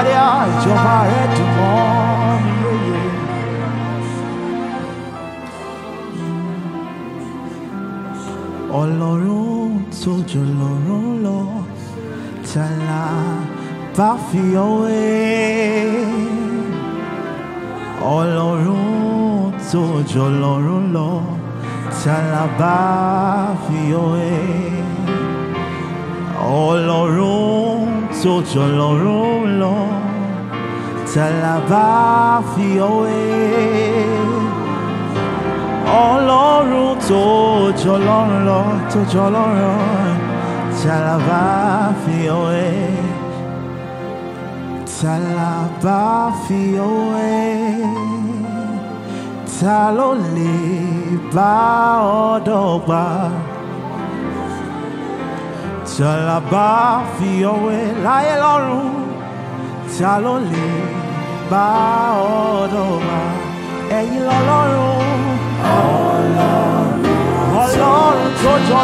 Somebody eyes of our head to morn. Ọlọ́run tó jù lọ́run lọ, tàlà bá fi ọwé. Ọlọ́run tó jù lọ́run tàlà bá fi ọwé. Ọlọ́run so jololo till I fi away. Ọlọ́run tó jọlọ́run lọ tó jọlọ́run tàlàbà fi away. Tàlàbà fi away. Ta lè bá ọ dọ́gba? Shalaba fi owe láyé lọ́run ta bá odoma wa ẹ̀yin oloru oloru tó jọ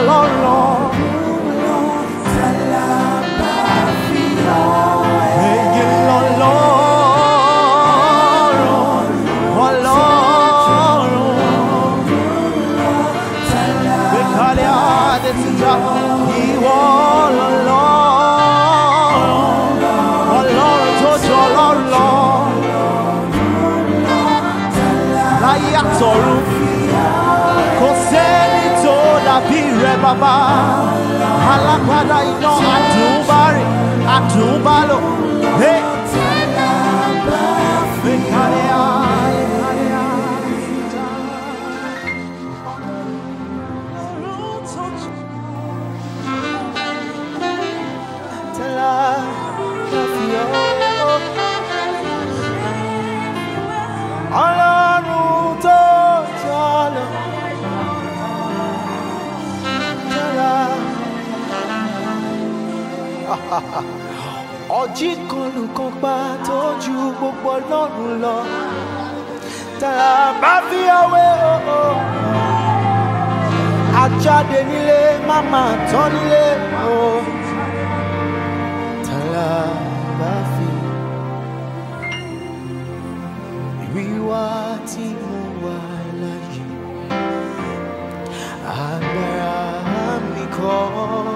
baba halakada ino ọjí kan nìkan pa tójú gbogbo ọlọ́run lọ tá a bá fi ọwé o ajáde nílé má tán nílé o tá kọ́.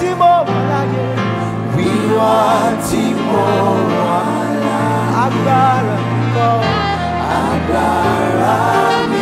tí mo mọ̀ láyé. Wíwá tí mo láyé. Agbára kọ́. Agbára mi.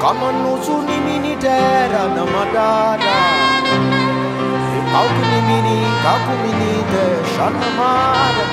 kama nusu ni minitera na madara kauku e ni mini kaku mini de shanamara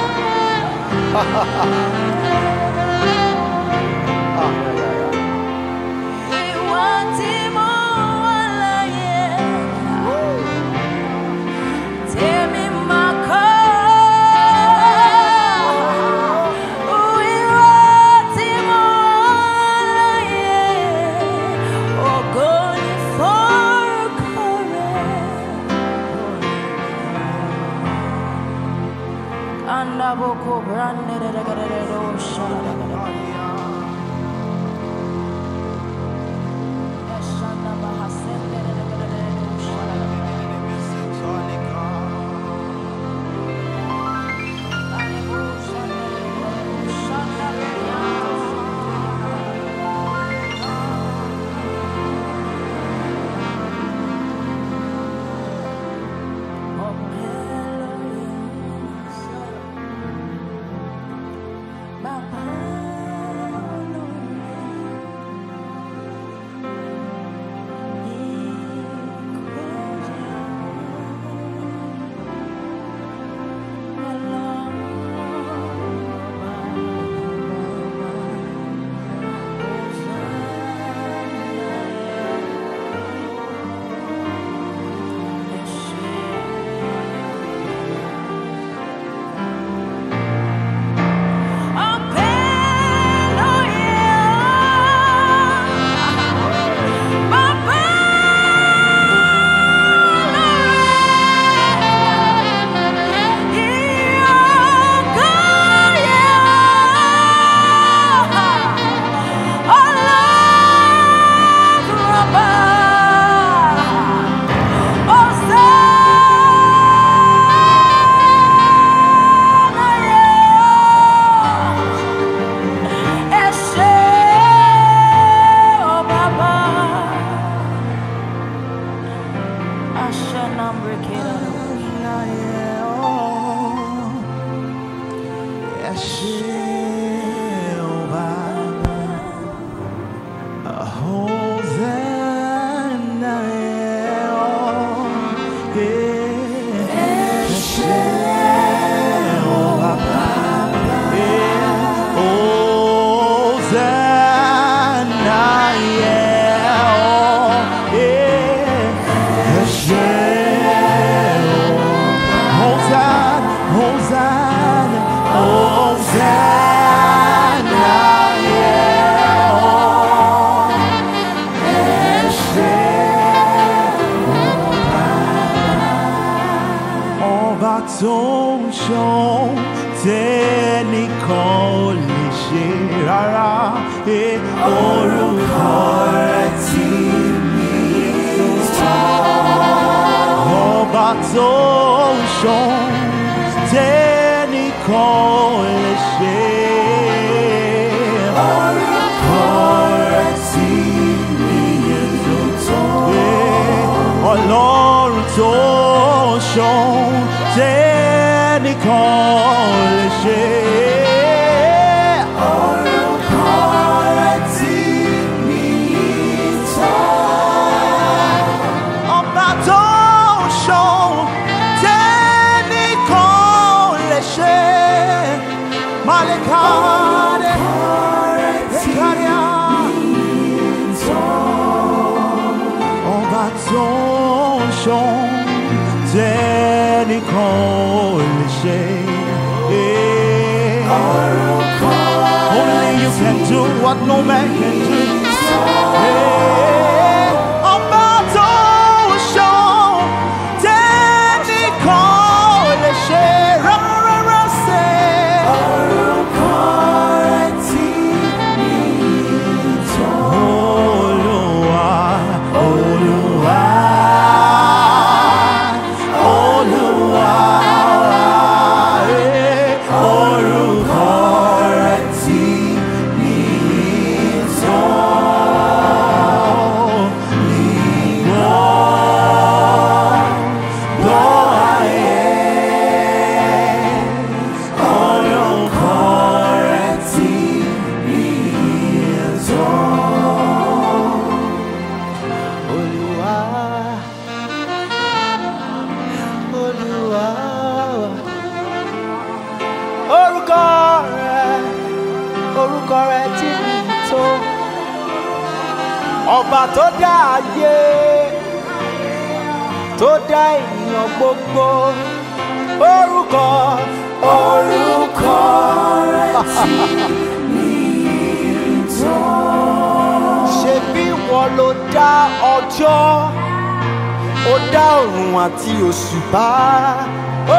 àti òṣùpá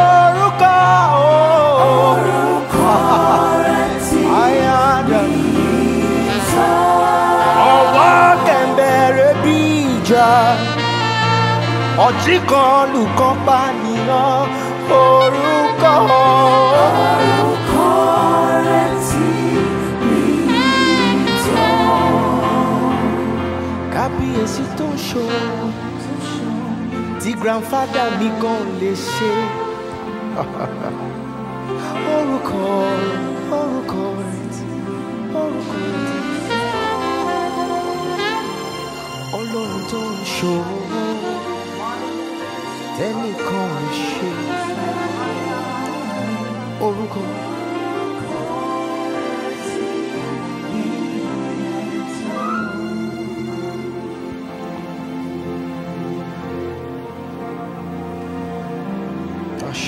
orúkọ orúkọ rẹ ti ní sọ. ọwọ́ kẹ̀mbẹ̀rẹ̀ bí ìjà ọtí kan lù kan pa grandfada mi gan lè ṣe. orúkọ orúkọ orúkọ ọlọ́run tó ń ṣòro tẹ́nìkan ò ṣe orúkọ.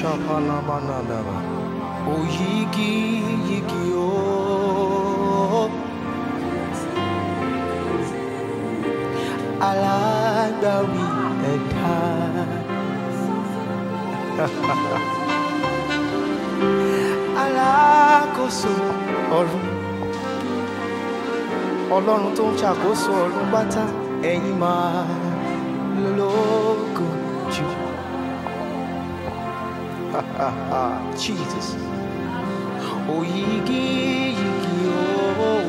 ṣàpàlàbànàdàrà òyìgì yìgì o. alágbàwí ẹ̀dá. alákòóso ọ̀run ọlọ́run tó ń ṣàkóso ọ̀run pátá ẹ̀yin máa lọ́ọ́. Jesus. Oh, yigi, yigi, oh, oh.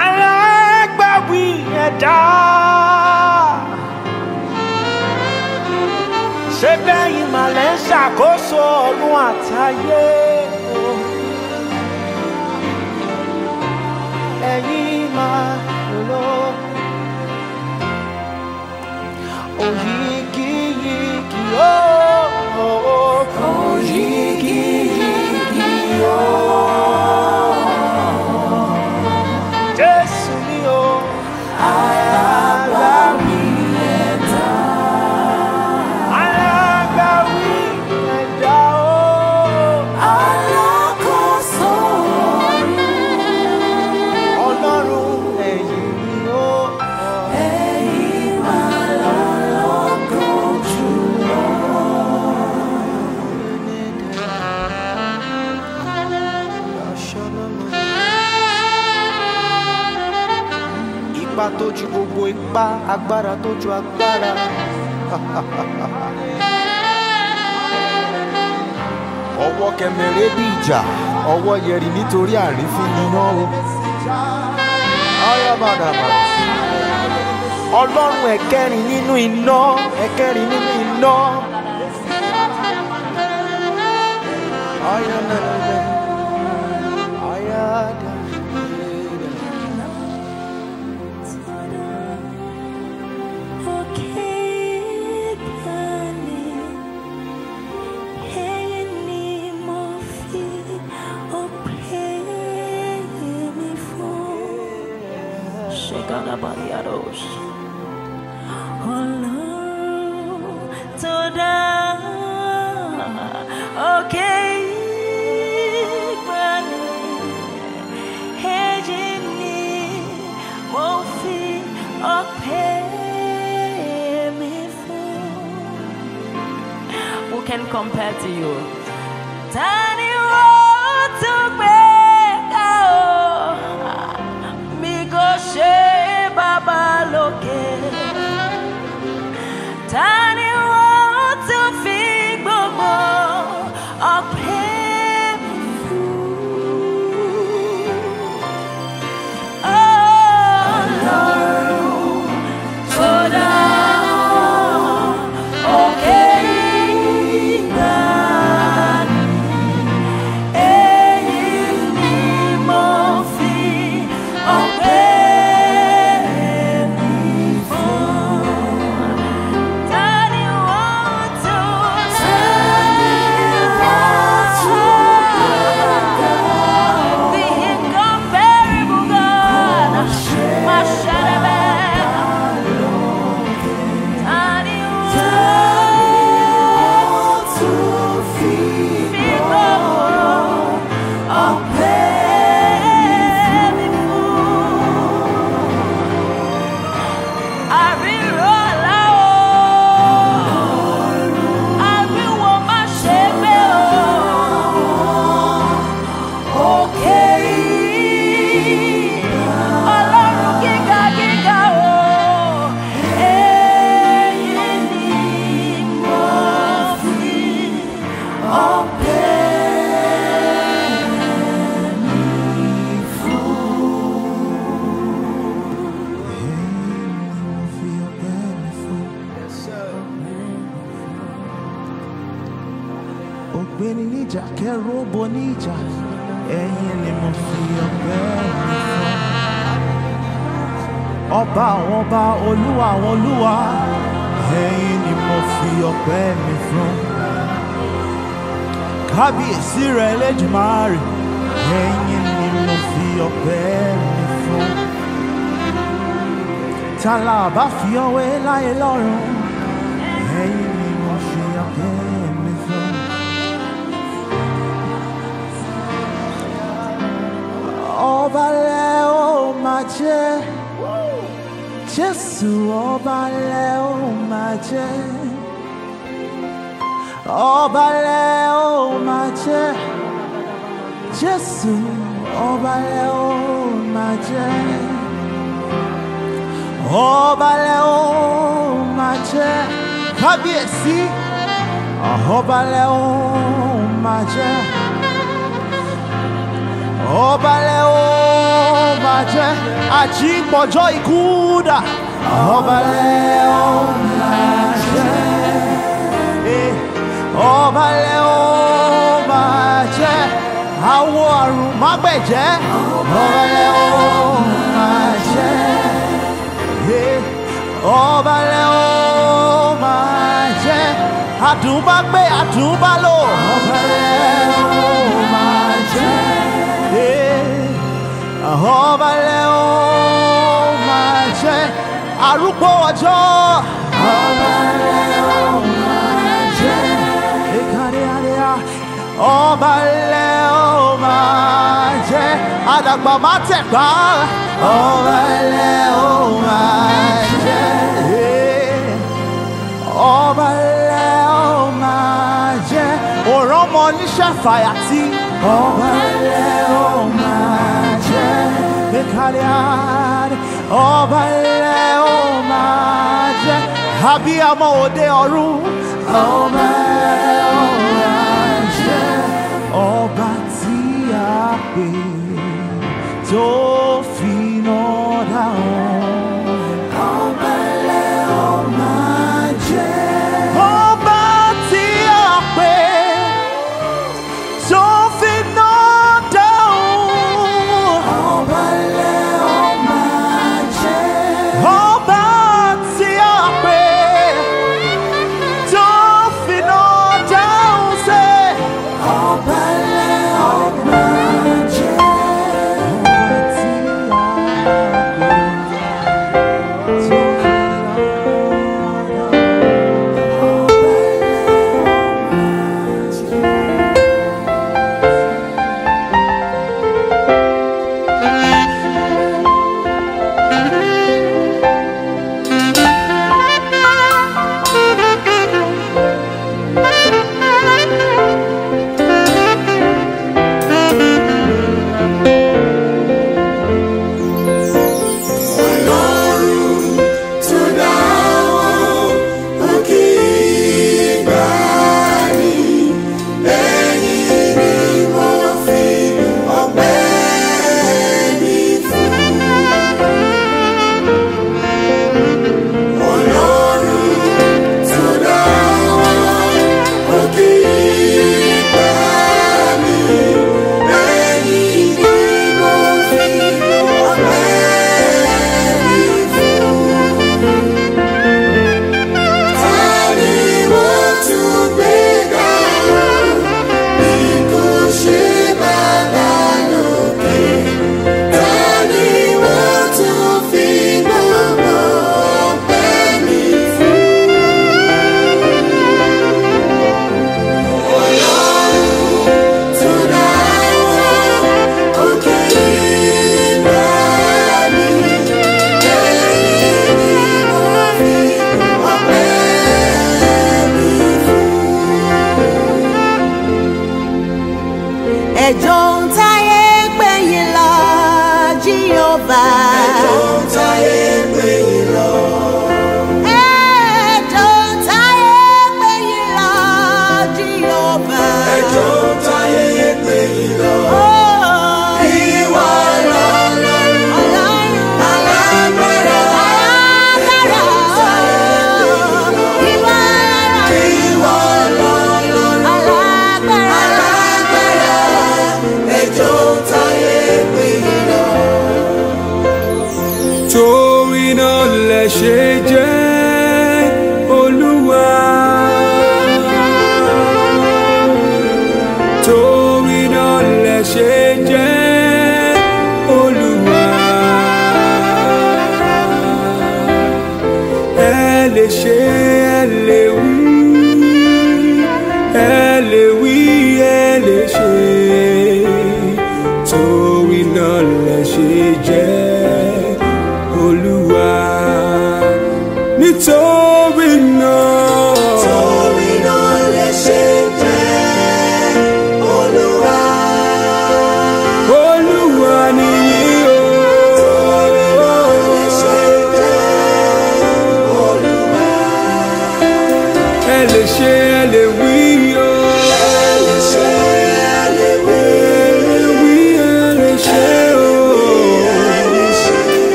Alágbàwí ẹ̀dá. Ṣé bẹ́yìn màlẹ́ pa agbára tó ju agbára. ọwọ́ kẹmẹ̀rẹ́ bí ìjà ọwọ́ yẹri nítorí àrífín iná o. ọlọ́run ẹ̀kẹrin nínú iná ẹ̀kẹrin nínú iná. ayọ̀nà.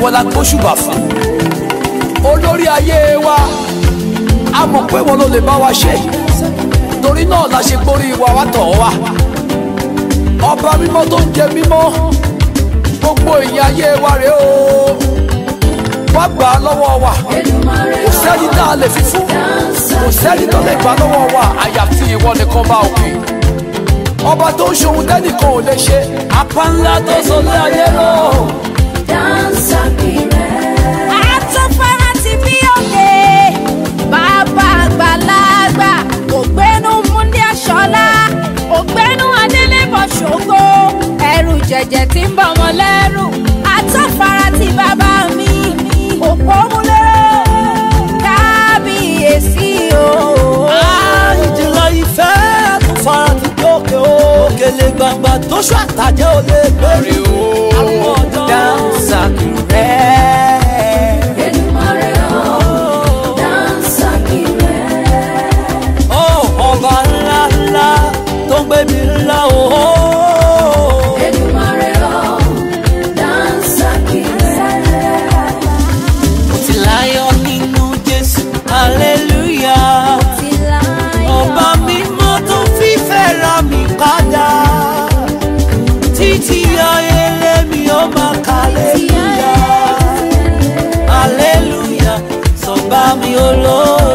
ìwọ la gbóṣùbà fún olórí ayé wa a mọ̀ pé wọn ló lè bá wa ṣe torí náà la ṣe gbórí wa wá tọ̀ wá ọba mímọ́ tó ń jẹ mímọ́ gbogbo ìyìn ayé wa rèé o wá gbà á lọ́wọ́ wa kò sẹ́ni tá a lè fi fún kò sẹ́ni tó lè gbà lọ́wọ́ wa àyàfi ìwọ nìkan bá òkè ọba tó ń ṣohun tẹ́nìkan ò lè ṣe apá ńlá tó sọ lé ayé lọ. àgbà ògbénu múndé aṣọlá ògbénu adélébọ̀ ṣògo ẹrù jẹ̀jẹ̀ tí ń bọ̀ wọ́n lẹ́rù àtọ́fara ti bàbá mi òpó múlẹ̀ kábíyèsí o. àìjìnlẹ̀ ìfẹ́ tó fara ti o. òkèlè gbàngbà tó ṣàtàjẹ́ ò lè o àwọn ọjọ́ dáhùn sàkúrẹ́. Lord.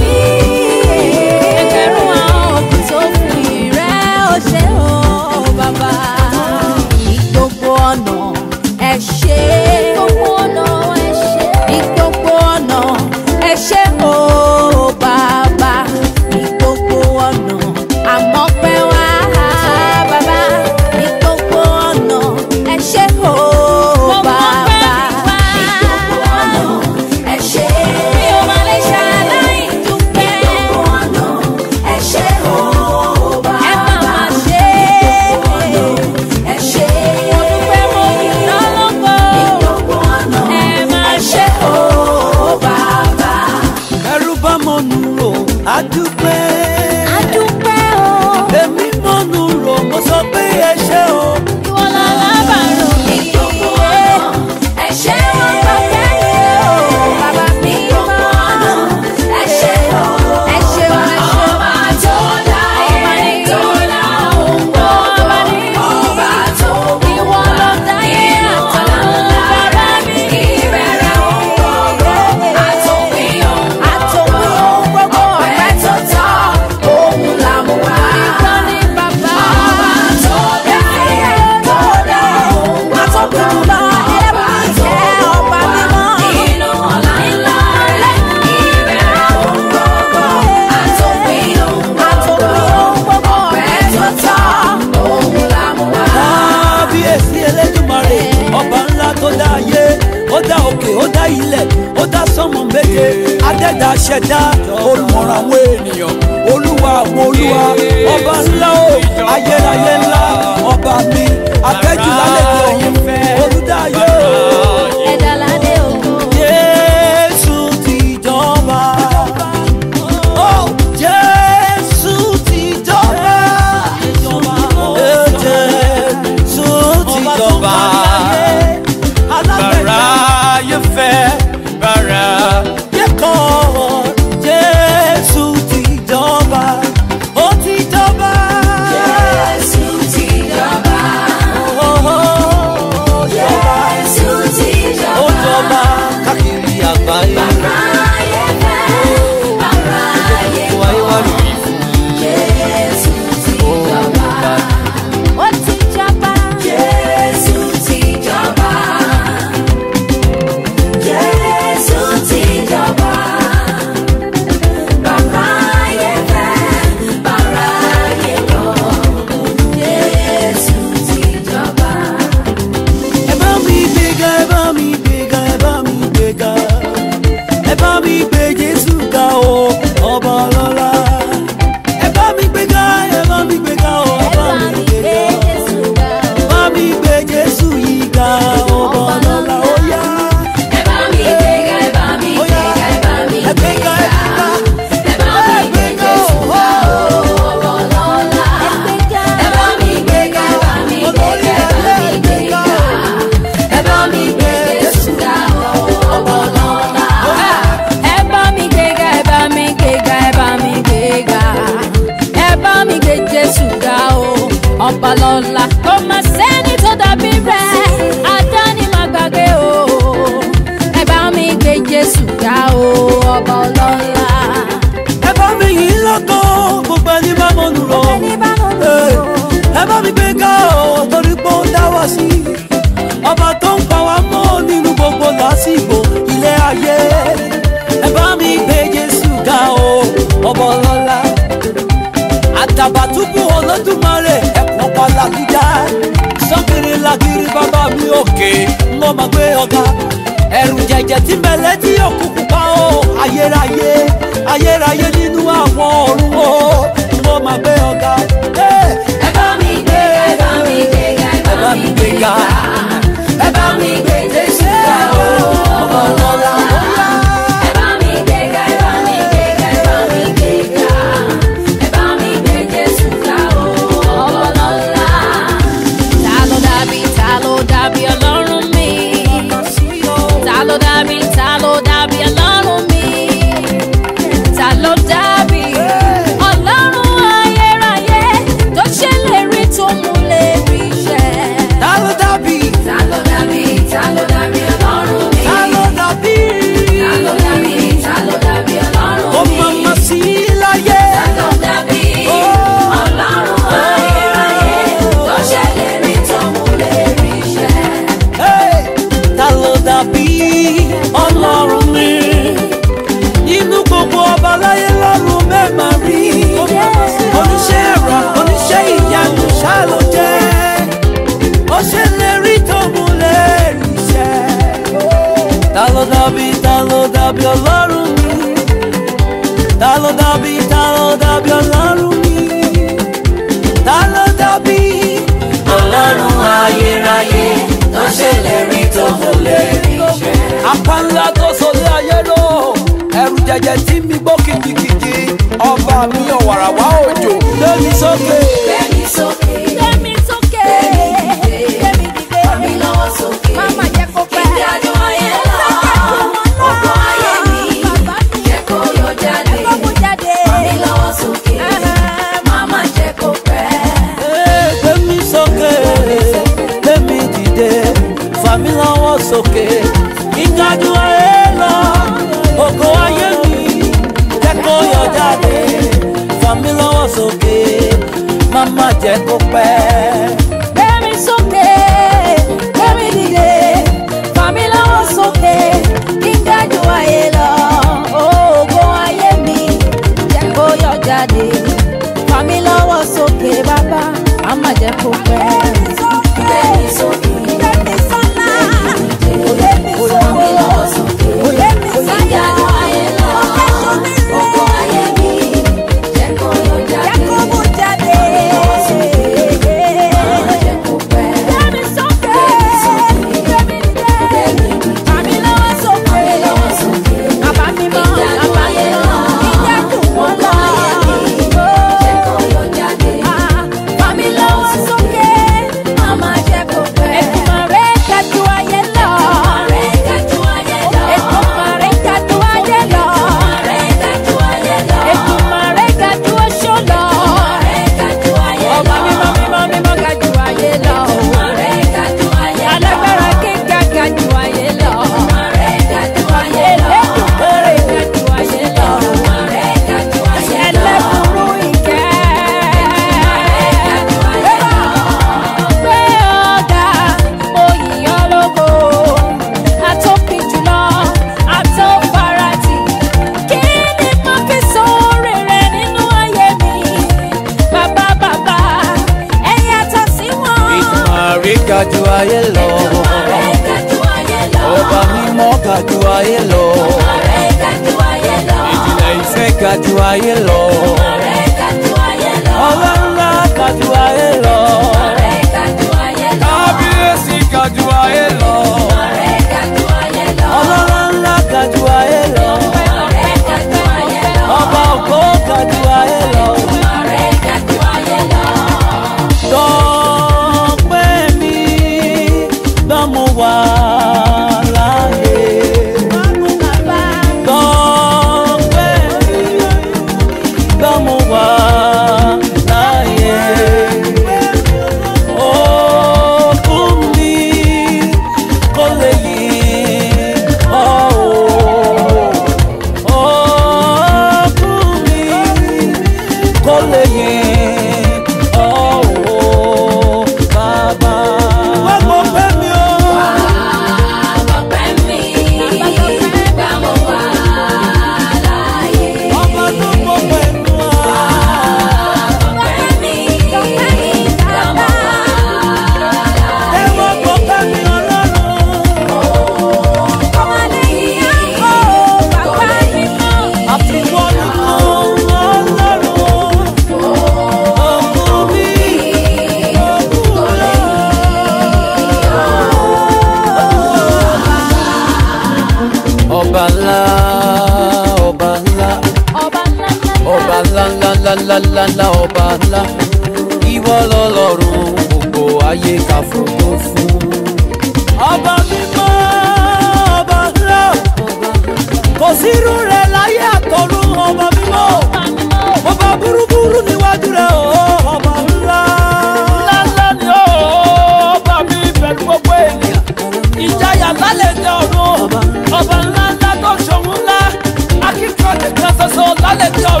go.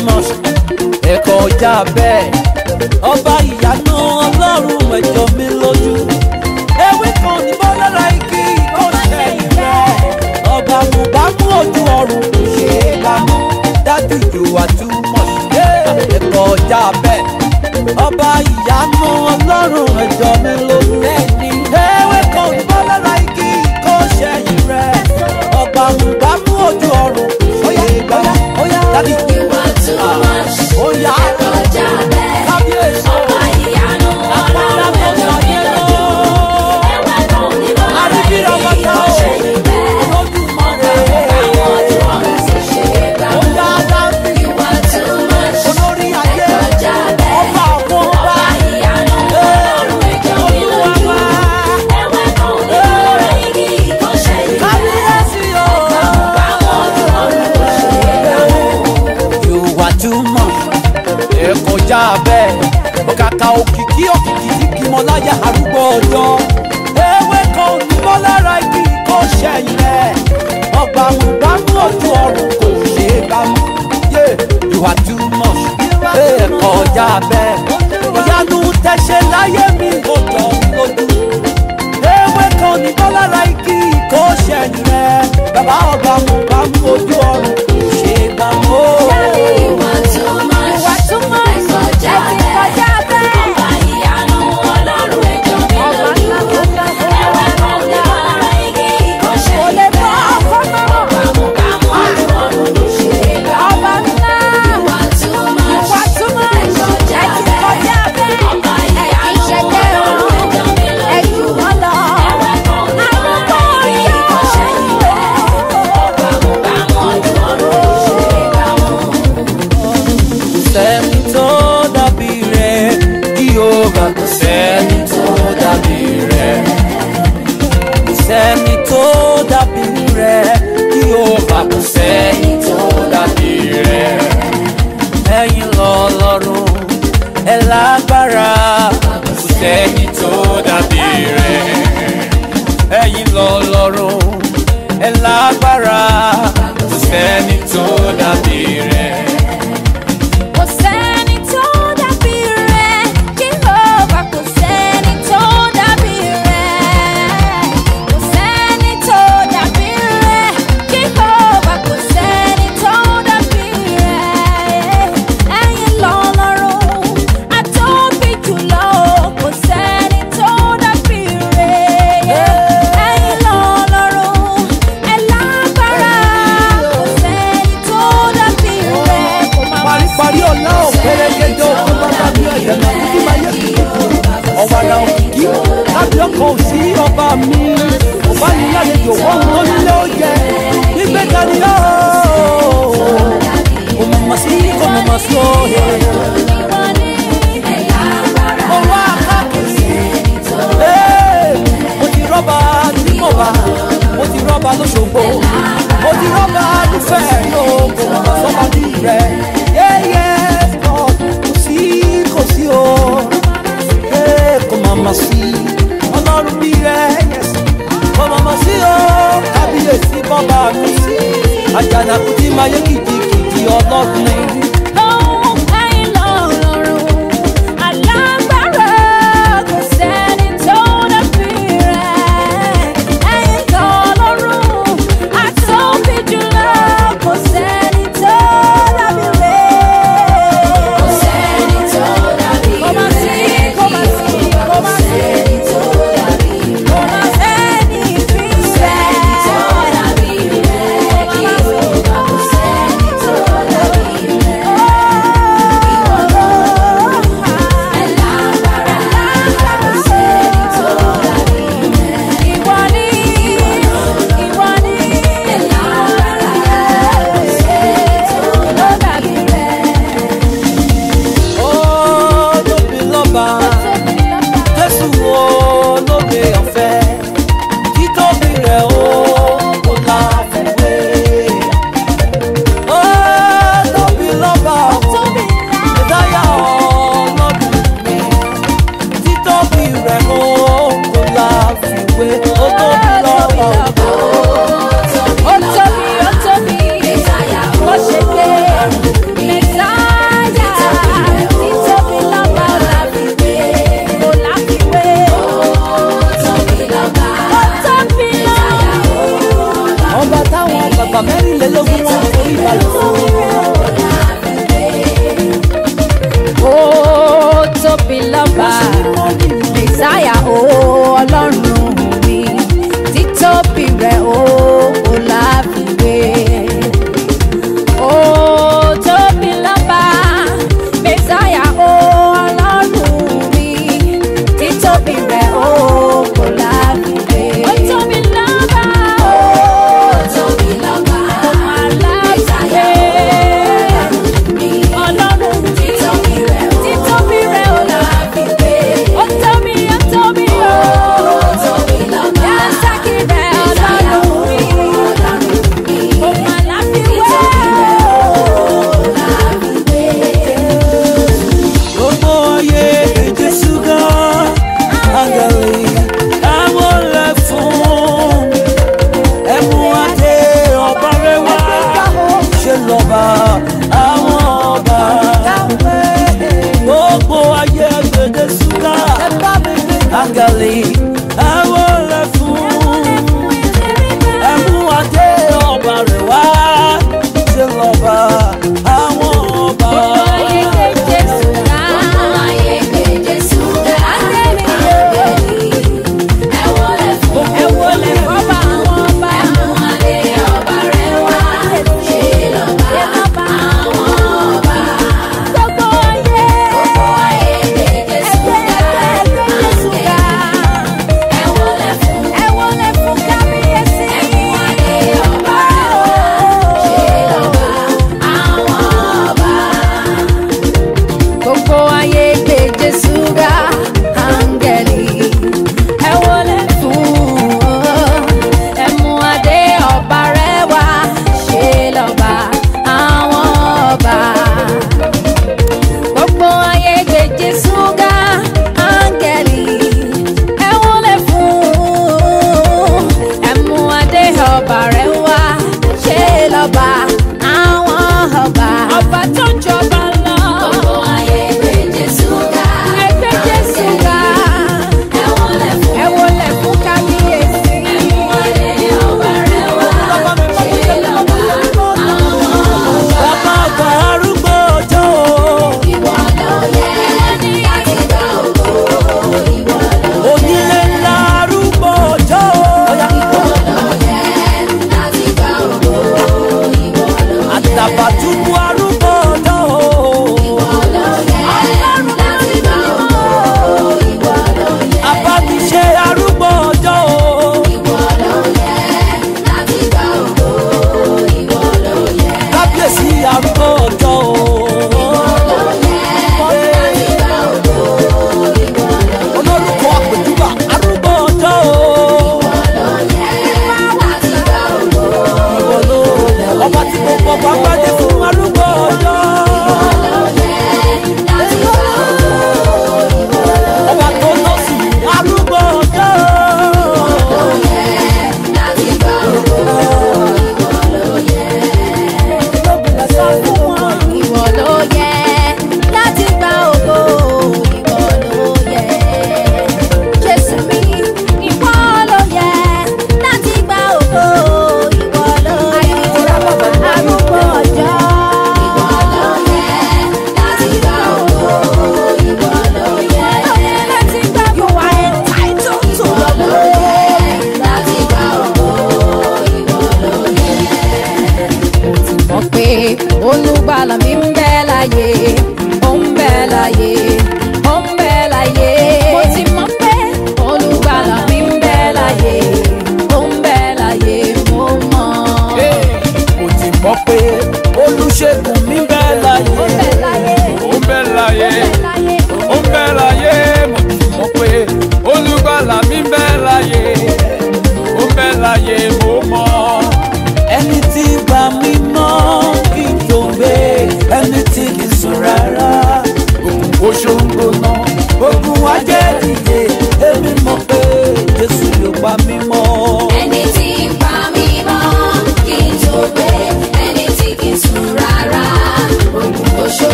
famous ẹ̀kọ́ ọjà bẹ́ẹ̀.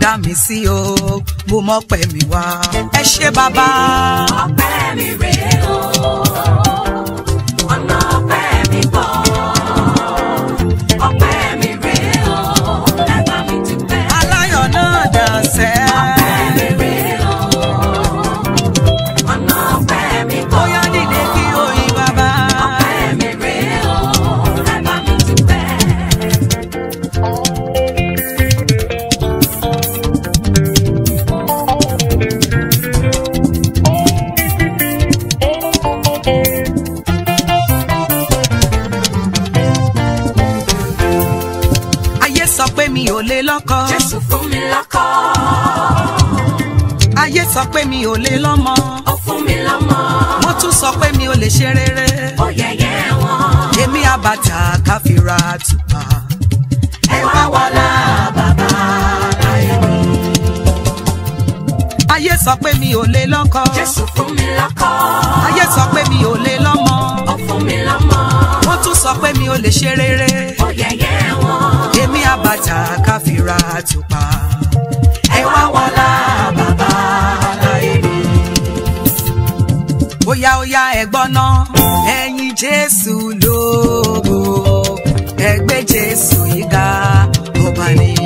dá mi sí o mo mọ̀ pẹ́ wá ẹ ṣé bàbá. ọpẹ́ mi sọ pé mi ò lè lọ́mọ. ó fún mi lọ́mọ. wọ́n tún sọ pé mi ò lè ṣe rere. ó yẹ̀yẹ́ wọn. èmi àbàtà káfíra àtùpà. ẹ wá wọlá bàbá láìní. ayé sọ pé mi ò lè lọ́kọ. jésù fún mi lọ́kọ. ayé sọ pé mi ò lè lọ́mọ. ó fún mi lọ́mọ. wọ́n tún sọ pé mi ò lè ṣe rere. ó yẹ̀yẹ́ wọn. èmi àbàtà káfíra àtùpà. ẹ wá wọlá. Jésù lógo ẹgbẹ́ Jésù yìí ká ọba nìyí.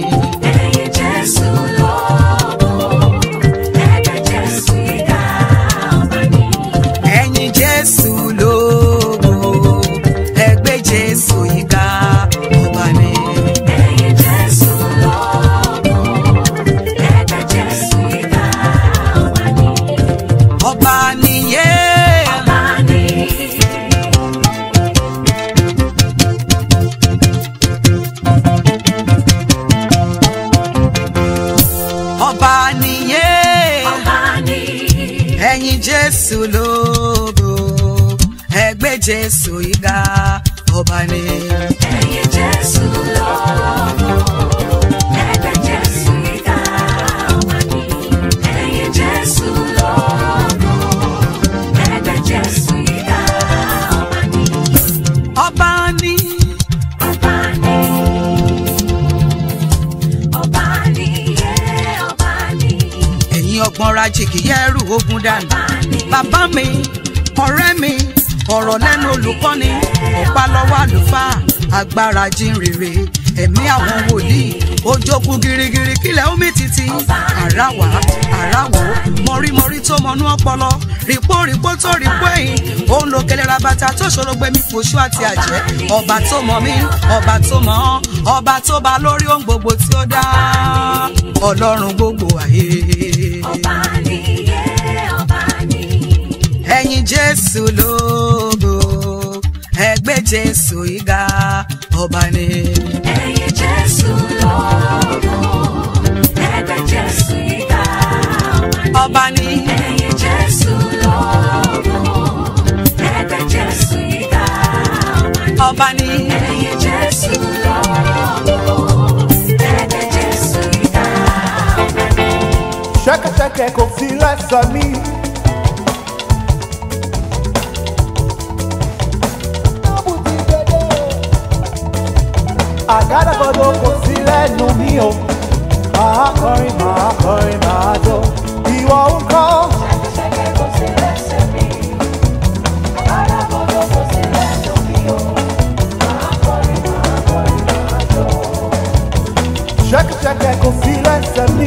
agbára jínrere ẹ̀mí àwọn wòlíì ojókun girigiri kílẹ̀ omi títí àràwà àràwò mọ̀rímọ̀rí tó mọnú ọpọlọ rìpó rìpó tó rìpó ẹ̀yìn òun ló kẹlẹ́ rabata tó ṣòro gbẹmí fòṣù àti àjẹ́ ọba tó mọ mí ọba tó mọ ọ́ ọba tó bá lórí ohun gbogbo tí ó dá ọlọ́run gbogbo ayé. ẹ̀yin jésù lógo ẹgbẹ́ jésù ìga ọba ni. ẹyin jésù lọ́wọ́ ẹgbẹ́ jésù ìta ọba ni. ẹyin jésù lọ́wọ́ ẹgbẹ́ jésù ìta ọba ni. ẹyin jésù lọ́wọ́ ẹgbẹ́ jésù ìta. ṣẹ́kẹ́ṣẹ́kẹ́ kò fi lẹ́sọ̀ mi. àgádágodo kò sí lẹ́nu mi o màá kọrin màá kọrin màá jó ìwọ ń kọ́. ṣẹ́kẹ́ṣẹ́kẹ́ kò sí lẹ́sẹ̀ mi àgádágodo kò sí lẹ́nu mi o màá kọrin màá kọrin màá jó. ṣẹ́kẹ́ṣẹ́kẹ́ kò sí lẹ́sẹ̀ mi mi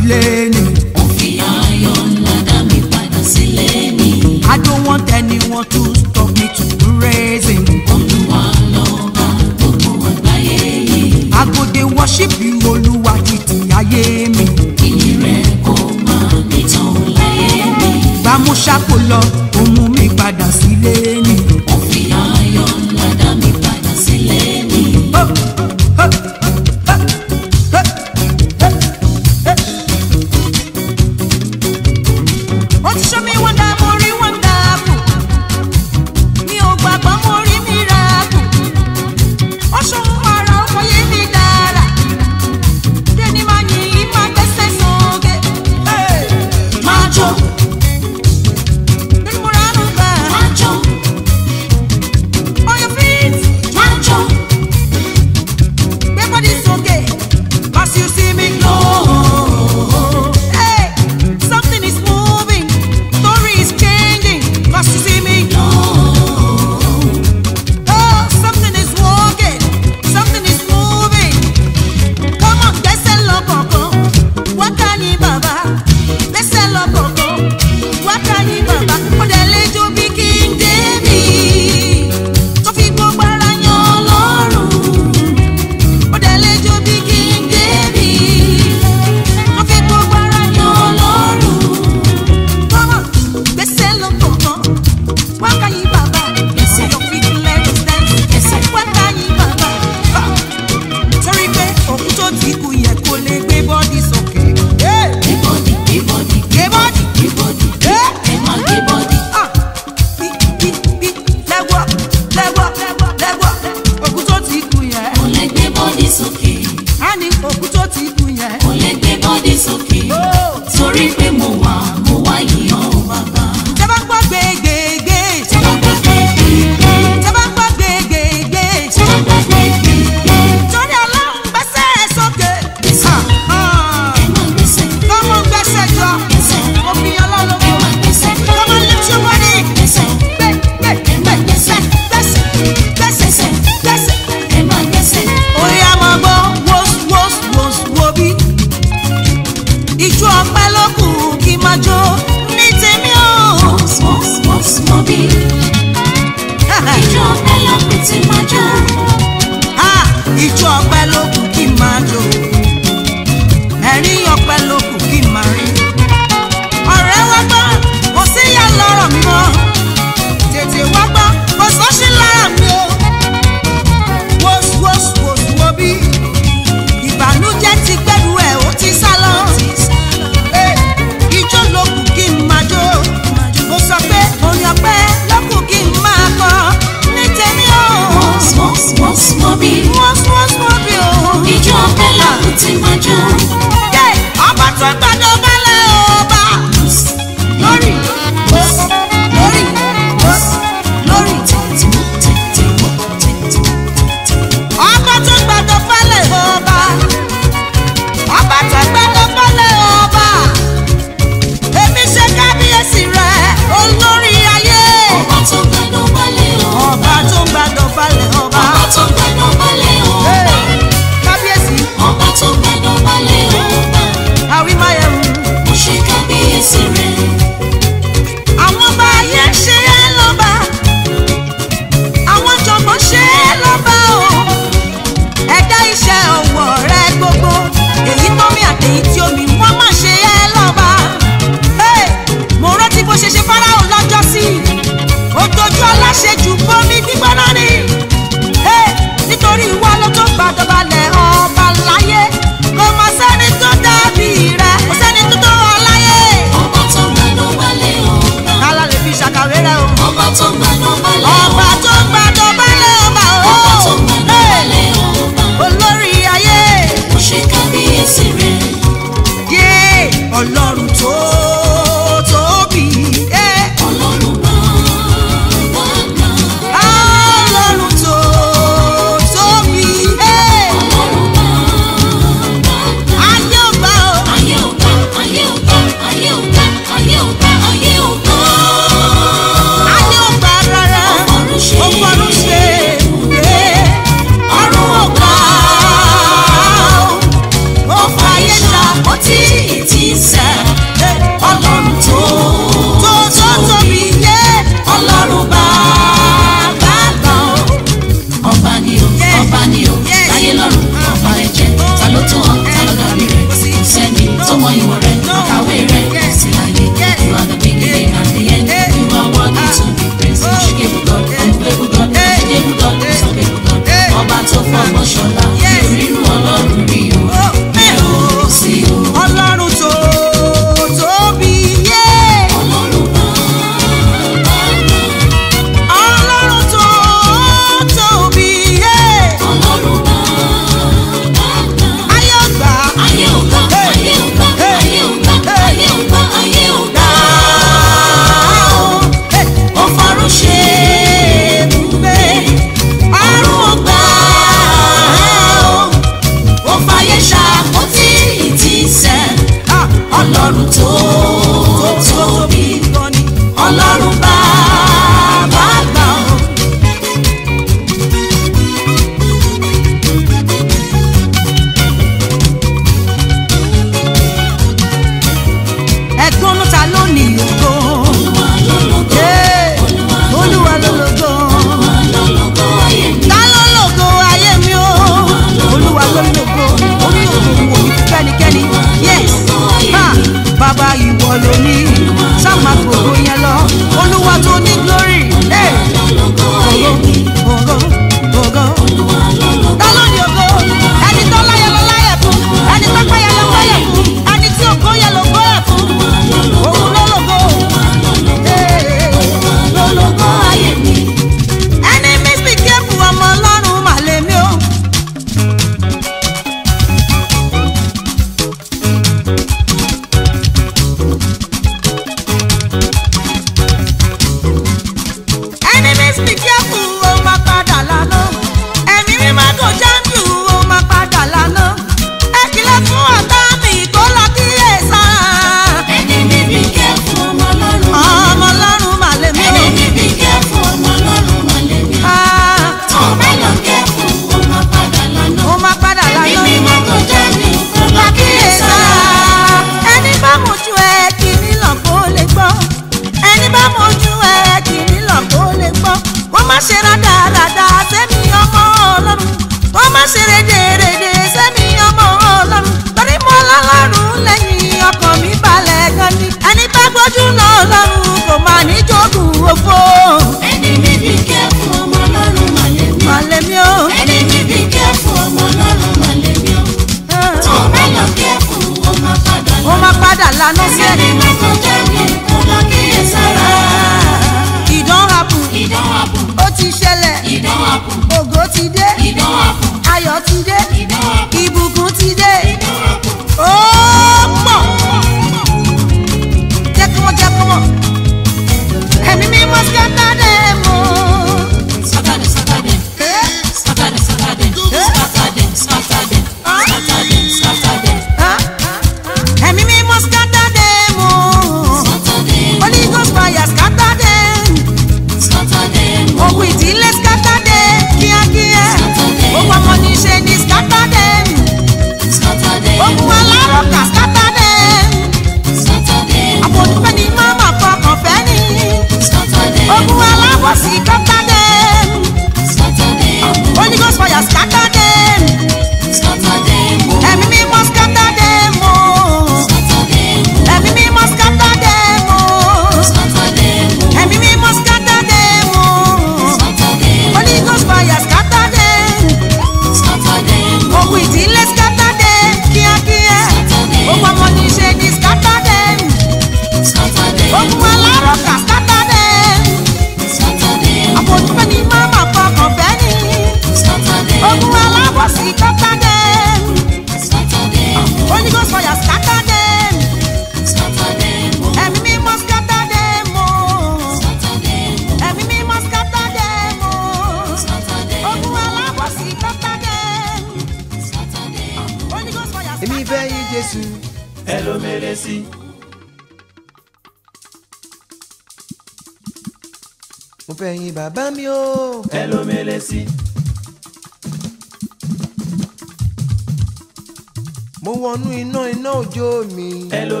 Hello mi. ẹ ló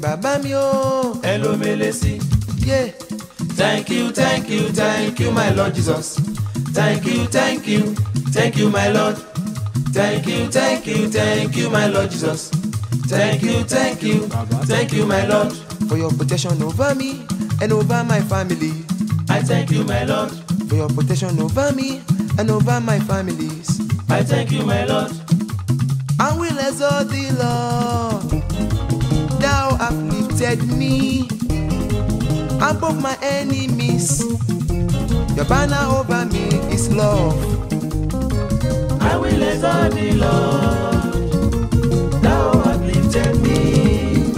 bàbá Yeah. thank you thank you thank you my lord jesus thank you thank you thank you my lord thank you thank you thank you my lord jesus thank you thank you thank you my lord for your protection over me and over my family. I thank you, my Lord, for your protection over me and over my families. I thank you, my Lord. I will exalt thee, Lord. Thou hast lifted me above my enemies. Your banner over me is love. I will exalt thee, Lord. Thou hast lifted me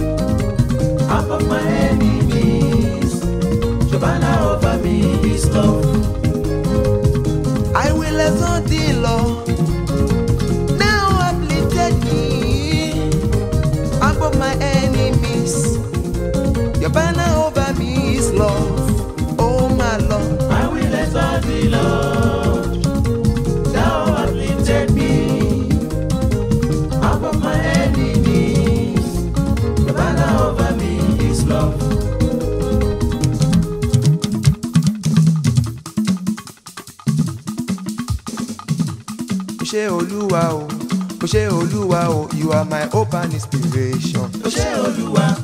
above my enemies. Your banner over me is love. I will exalt thee, Lord. ṣé olúwa o you are my hope and inspiration. o ṣé olúwa.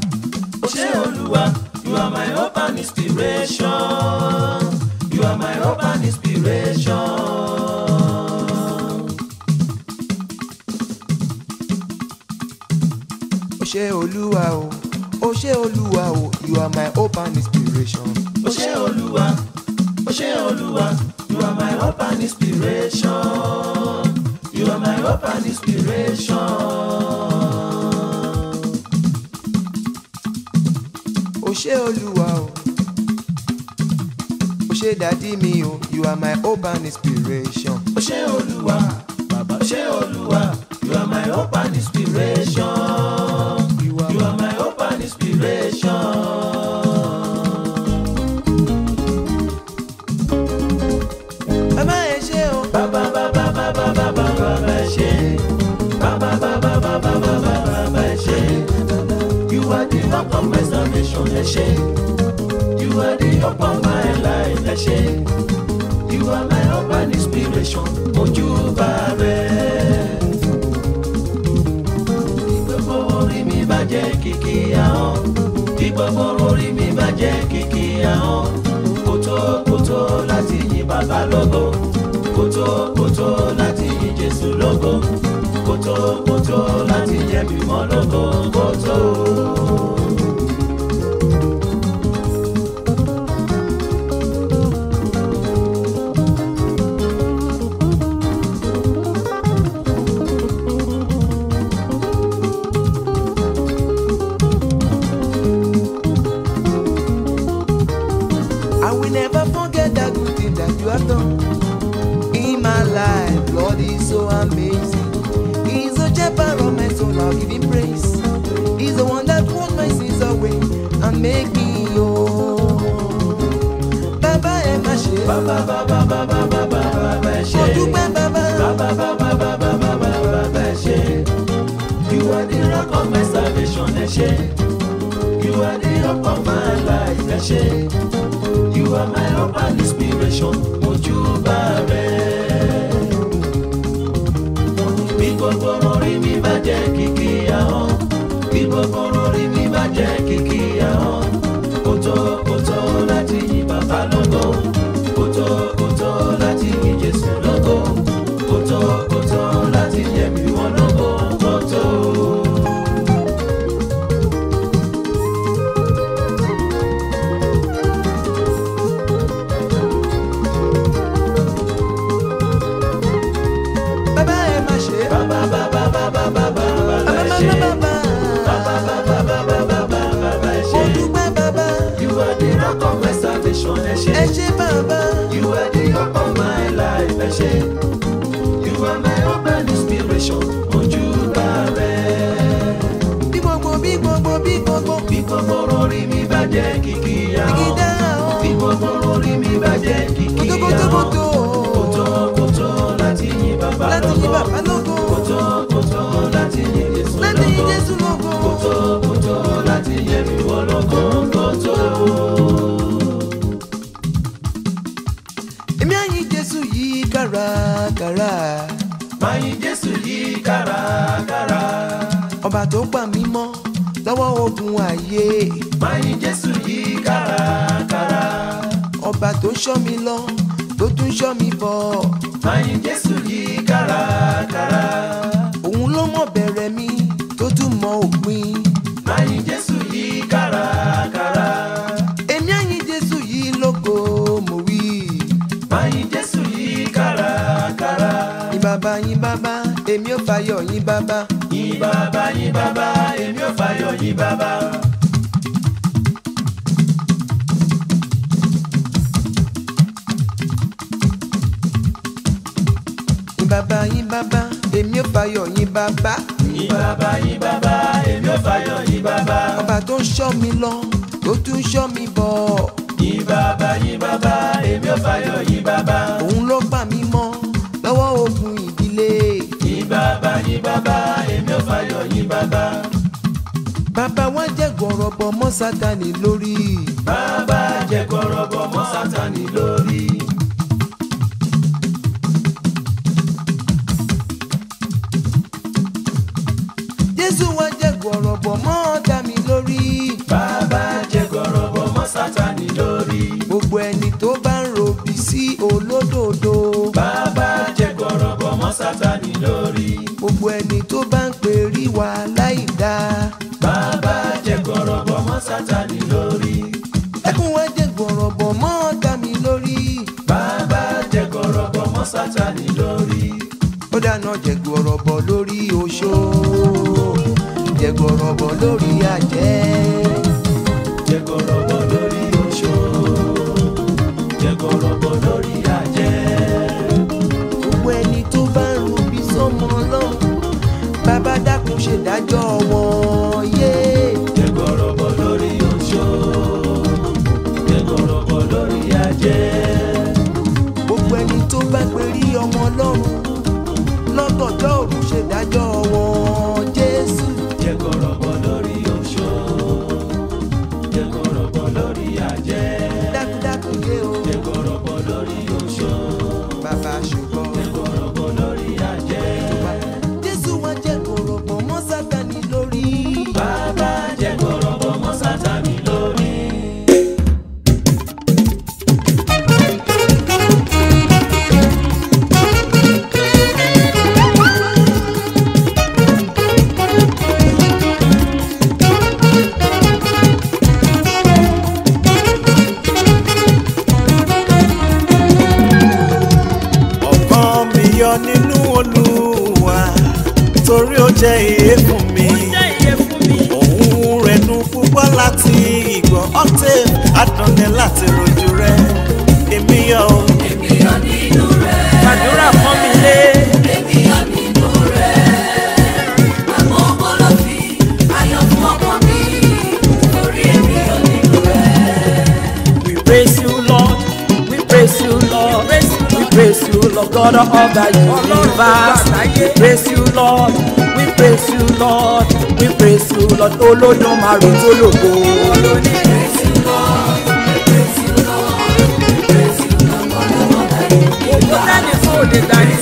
you have done in my life. God is so amazing. He's the shepherd of my soul. I'll give him praise. He's the one that washed my sins away and make me whole. Baba ẹ má ṣe. Baba baba baba baba baba ẹ ṣe. Mo dúpẹ́ baba. Baba baba baba baba baba ẹ ṣe. You are the rock of my salvation ẹ You are the rock of my life ẹ are my hope and inspiration mojúbà rẹ. bí gbogbo orí mi bá jẹ́ kìkì ahọ́n bí gbogbo orí mi bá jẹ́ kìkì ahọ́n kò tó kò tó láti yí bàbá lọ́gọ́. ṣe. ẹ bàbá. you are the hope of my life ẹ you are my hope and inspiration ojúbà rẹ. bí gbogbo bí gbogbo bí gbogbo. bí gbogbo orí mi bá jẹ́ kìkì yà ọ́. ìdá ọ́. bí gbogbo orí mi bá jẹ́ kìkì yà ọ́. kòtòkòtò. kòtò kòtò láti yìn bàbá lógo. láti yìn bàbá lógo. kòtò kòtò láti yìn Jésù lógo. láti yìn Jésù lógo. kòtò kòtò láti yẹ mi wọ́n lógo kòtò. ọba tó gbà mí mọ́ lọ́wọ́ ogun ayé. máyì jésù yìí kárakára. ọba tó ṣọ́ mi lọ tó tún ṣọ́ mi bọ̀. máyì jésù yìí kárakára. òun ló mọ̀ bẹ̀rẹ̀ mi tó tún mọ̀ òpin. máyì jésù yìí kárakára. èmi àyìn jésù yìí lógo mo wí. máyì jésù yìí kárakára. yìn bàbá yìn bàbá èmi ò fàyọ̀ yìn bàbá yín bàbá yín bàbá èmi ò fàyọ yín bàbá. bàbá yín bàbá èmi ò fàyọ yín bàbá. yín bàbá yín bàbá èmi ò fàyọ yín bàbá. ọba tó ń ṣọ́ mi lọ tó tún ṣọ́ mi bọ̀. yín bàbá yín bàbá èmi ò fàyọ Baba, bàbá wa jẹ́ gọ̀rọ̀bọ̀ mọ́ Sátánì lórí. bàbá jẹ́ gọ̀rọ̀bọ̀ mọ́ Sátánì lórí. iye fún mi. Òun rẹ̀nu púpọ̀ láti ìgbọ̀n ọ̀tẹ̀ àdánlé láti rojú rẹ̀. Èmi yọ o. Èmi yọ nínú rẹ̀. Fàdúrà fún mi lé. Èmi yọ nínú rẹ̀. Àmọ́ ọkọ lọ We praise you Lord, we praise you Lord, we praise you Lord, God of the universe. We praise you Lord praise you lord we praise you lord We We praise you, Lord. praise you, Lord. Ìgbésẹ̀ ni fún òde dání.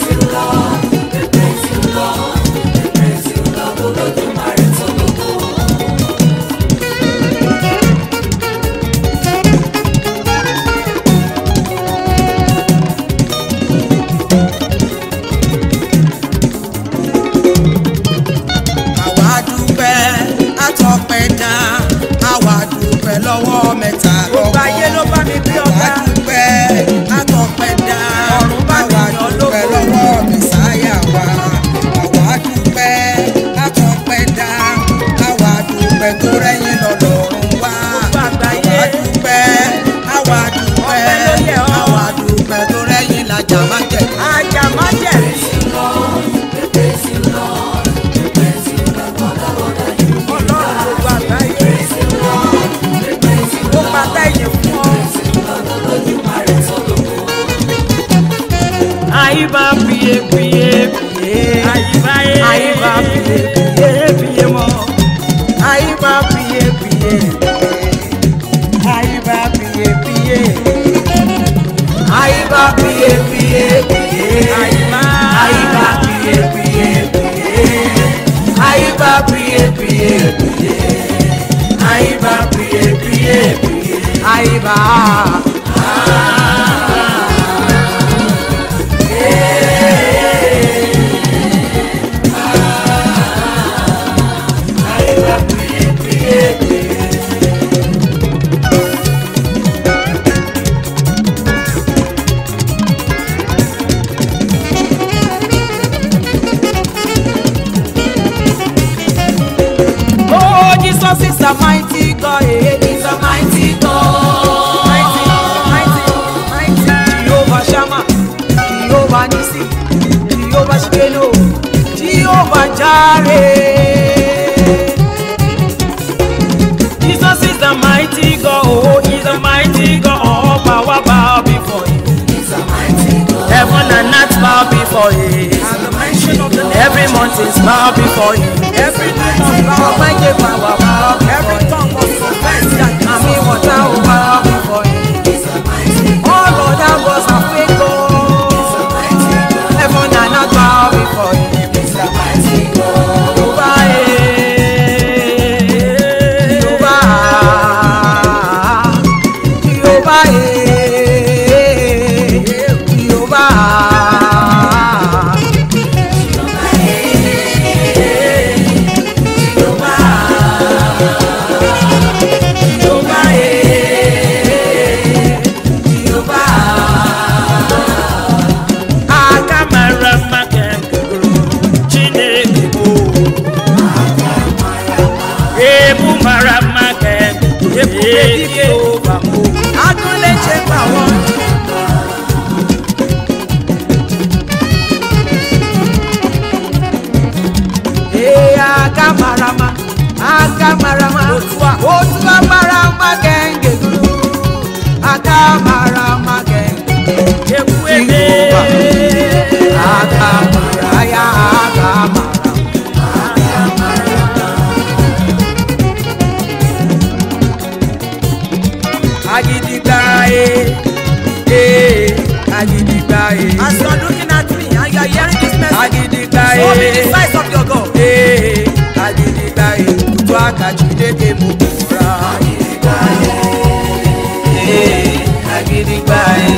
agídígba ẹ̀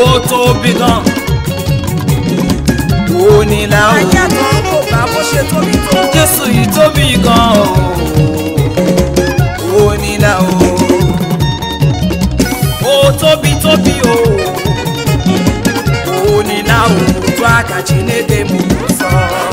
ó tóbi gan ó nílá o ajá tó ń kó bá bó ṣe tóbi tó Jésù yìí tóbi gan ó nílá o ó tóbi tóbi o ó nílá o tó àkàtì ní tèmi sọ.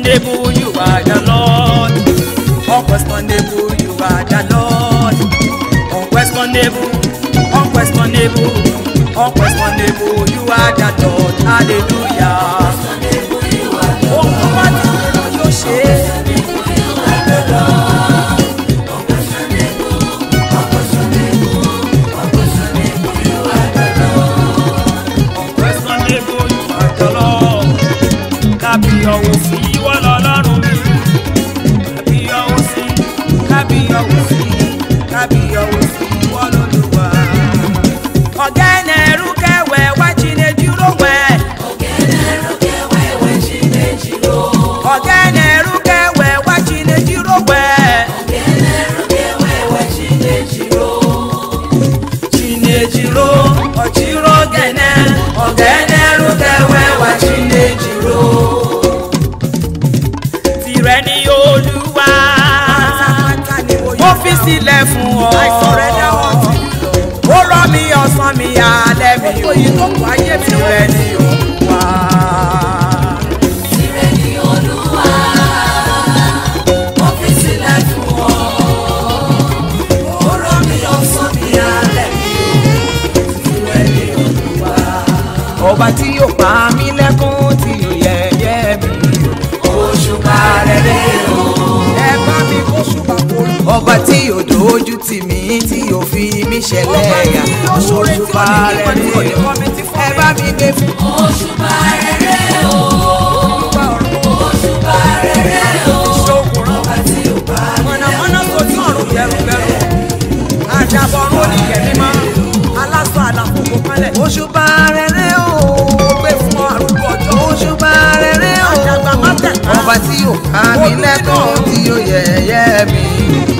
unable, you are the Lord. Unquestionable, you are the Lord. Unquestionable, unquestionable, unquestionable, you are the Lord. Hallelujah. sílẹ̀ fún ọ. àìsàn rẹ̀ dáwọ́ sí. ó rọ mi ọ̀sán mi alẹ́ mi ò. òkòyí tó kù ayé mi ló rẹ̀ ni o. tí òjò ojú tì mí tí ò fi mí ṣẹlẹ̀ ẹ̀yà òṣùpá rẹ̀ rẹ̀ ẹ bá mi gbé fún. òṣùpá rẹ̀ rẹ̀ o òṣùpá rẹ̀ rẹ̀ o ọba tí ò bá mi. mọ̀nàmọ́ná kò tún ọ̀run bẹ̀rùbẹ̀rù àjàbọ̀rún oníyẹ̀ mímọ́ aláṣọ àlàfo kò òṣùpá rẹ̀ rẹ̀ o gbé fún ọ̀run ọjọ́ òṣùpá o tí ò ká mi lẹ́kọ̀ọ́ tí ó yẹ̀yẹ́ mi.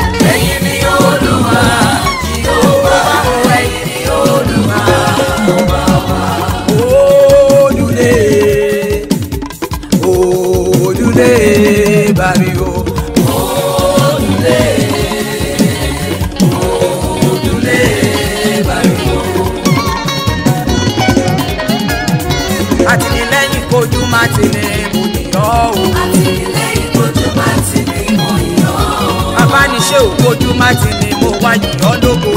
òkojú má ti ní mo wá yìí ọlọ́gbò.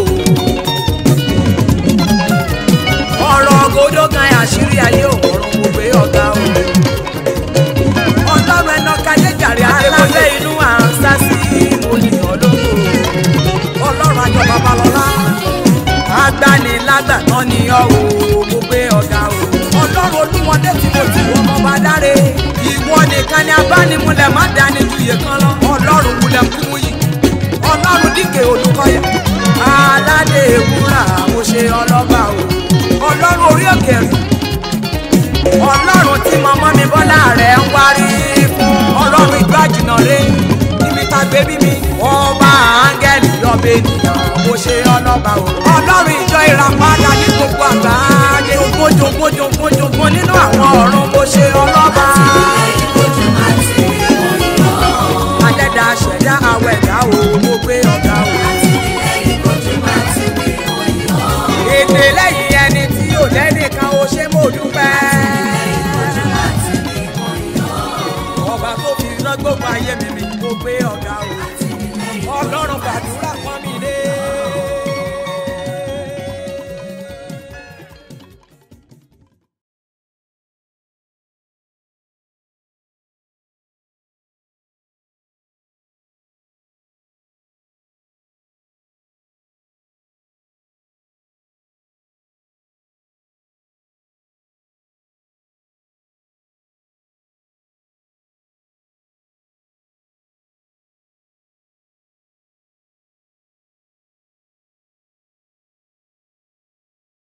ọ̀rọ̀ ògòdó kan àṣírí ayé òmòrò mo gbé ọ̀gá o. ọlọ́run ẹ̀nà káyé jàre adébọ̀lẹ́ inú à ń sá sí mo ní ọlọ́gbò. ọlọ́run ajọ babalọ́lá agbanilágbà tán ni ọ̀hún mo gbé ọ̀gá o. ọlọ́run olúmọdé tí mo ti wọ́n mọ́ bá dáre. ìwọ nìkan ni abánimúlẹ̀ má dání ju iye kan lọ. ọlọ́run múlẹ̀ kú mú wike olùkọ́yà aládé ewúrà mo ṣe ọlọ́ba o ọlọ́run orí òkè rẹ̀ ọlọ́run tí mọ́mọ́ mi bọ́lá rẹ̀ ń wárí fún ọlọ́run ìgbà jìnnà rẹ̀ ibi tá a gbé bí mi ọba áńgẹ́lì yọ̀bẹ ènìyàn mo ṣe ọlọ́ba o ọlọ́run ìjọ ìràpadà ní gbogbo àgbáyé ojoojúmọ́joojúmọ́ nínú àwọn ọ̀run mo ṣe ọlọ́ba. àti ilé ìbòjú àti ilé ìbòjú náà. àdẹ́dà ṣẹ̀dá àwẹ̀dá o mo gbé ọ èpè lẹ́yìn ẹni tí ò lẹ́nìkan ó ṣe mò dúpẹ́. ọba tó fi rán gbogbo ayé mi mi mo gbé ọ̀gá o.